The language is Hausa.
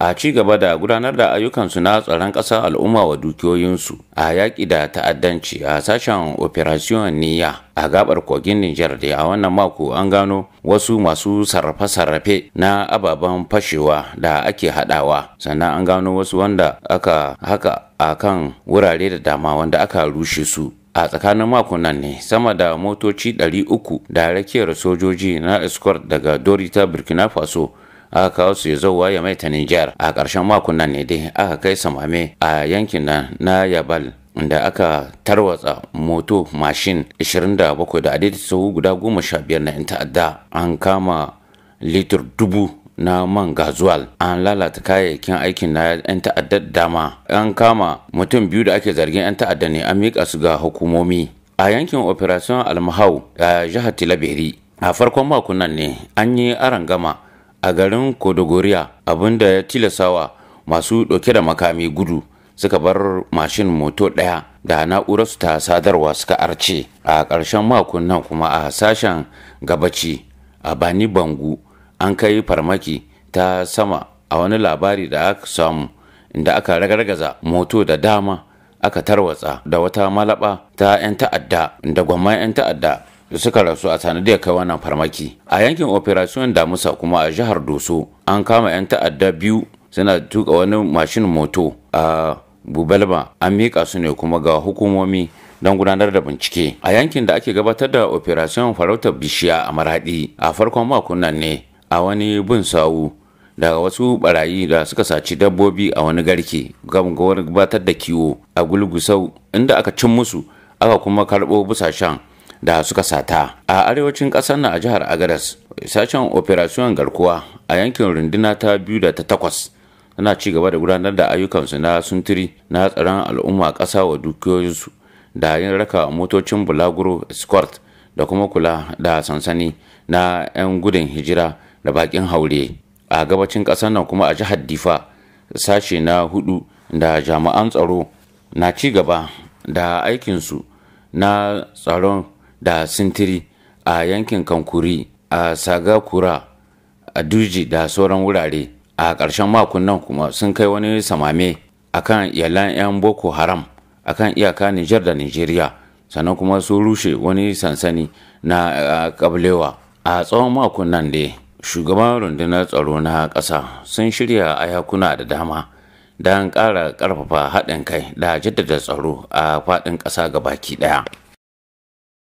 a ci gaba da gudanar da ayyukansu na tsaron ƙasa al'umma wa dukiyoyinsu a yaƙi da ta'addanci a sashen operation niya a gabar kogin Nijar da a wannan mako an gano wasu masu sarrafe-sarrafe na ababen fashewa da ake haɗawa, sannan an gano wasu wanda aka haka a kan wurare da dama wanda aka rushe su a tsakanin makonan ne sama da motoci 300 da rakiyar sojoji na escort daga dorita burkina faso aka kawo su zowa ya mai ta Nijar a ƙarshen makon nan ne dai aka kai samame a yankin nan na Yabal da aka tarwatsa moto mashin 27 da adadin su guda 15 na 'yan ta'adda an kama litir dubu na man gazuwal an lalata kayayyakin aikin na 'yan ta'adda dama an kama mutum biyu da ake zargin 'yan ta'adda ne an mika su ga hukumomi a yankin operation almahau a jihar tilabiri a farkon makon nan ne an yi arangama gama a garin kodogoriya abinda ya tilasawa masu ɗauke da makami gudu suka bar mashin moto ɗaya da na'urarsu ta sadarwa suka arce a ƙarshen makon nan kuma a sashen gabaci a bani bangu an kai farmaki ta sama a wani labari da aka samu inda aka ragargaza moto da dama aka tarwatsa da wata malaba ta 'yan ta'adda da gwamman 'yan ta'adda da suka rasu a sanadiyar kai wannan farmaki a yankin operation damusa kuma a jihar doso an kama 'yan ta'adda biyu suna tuka wani mashin moto a bubalba an miƙa su ne kuma ga hukumomi don gudanar da bincike a yankin da ake gabatar da operation farautar bishiya a maradi a farkon makon nan ne a wani bin sawu daga wasu barayi da suka saci dabbobi a wani garke gabatar da kiwo a gulgusau inda aka cin musu aka kuma karɓo busashen da suka sata a arewacin kasar na a jihar agadas sashen operation garkuwa a yankin runduna ta biyu da ta takwas tana ci gaba da gudanar da ayyukansu na suntiri na tsaron al'umma ƙasa wa dukiyoyinsu da yin raka motocin bulaguro escort da kuma kula da sansani na 'yan gudun hijira da bakin haure a gabacin ƙasar nan kuma a jihar difa sashe na hudu da jami'an tsaro na ci gaba da aikinsu na tsaron da sintiri a yankin kankuri a sagakura a duji da sauran wurare a ƙarshen makon nan kuma sun kai wani samame akan iyalan 'yan boko haram akan iyaka nijar da nijeriya sannan kuma su rushe wani sansani na kablewa a tsawon makon nan da shugaban rundunar tsaro na ƙasa sun shirya ayakuna da dama don ƙara ƙarfafa haɗin kai da jaddada tsaro a faɗin ƙasa ga baki ɗaya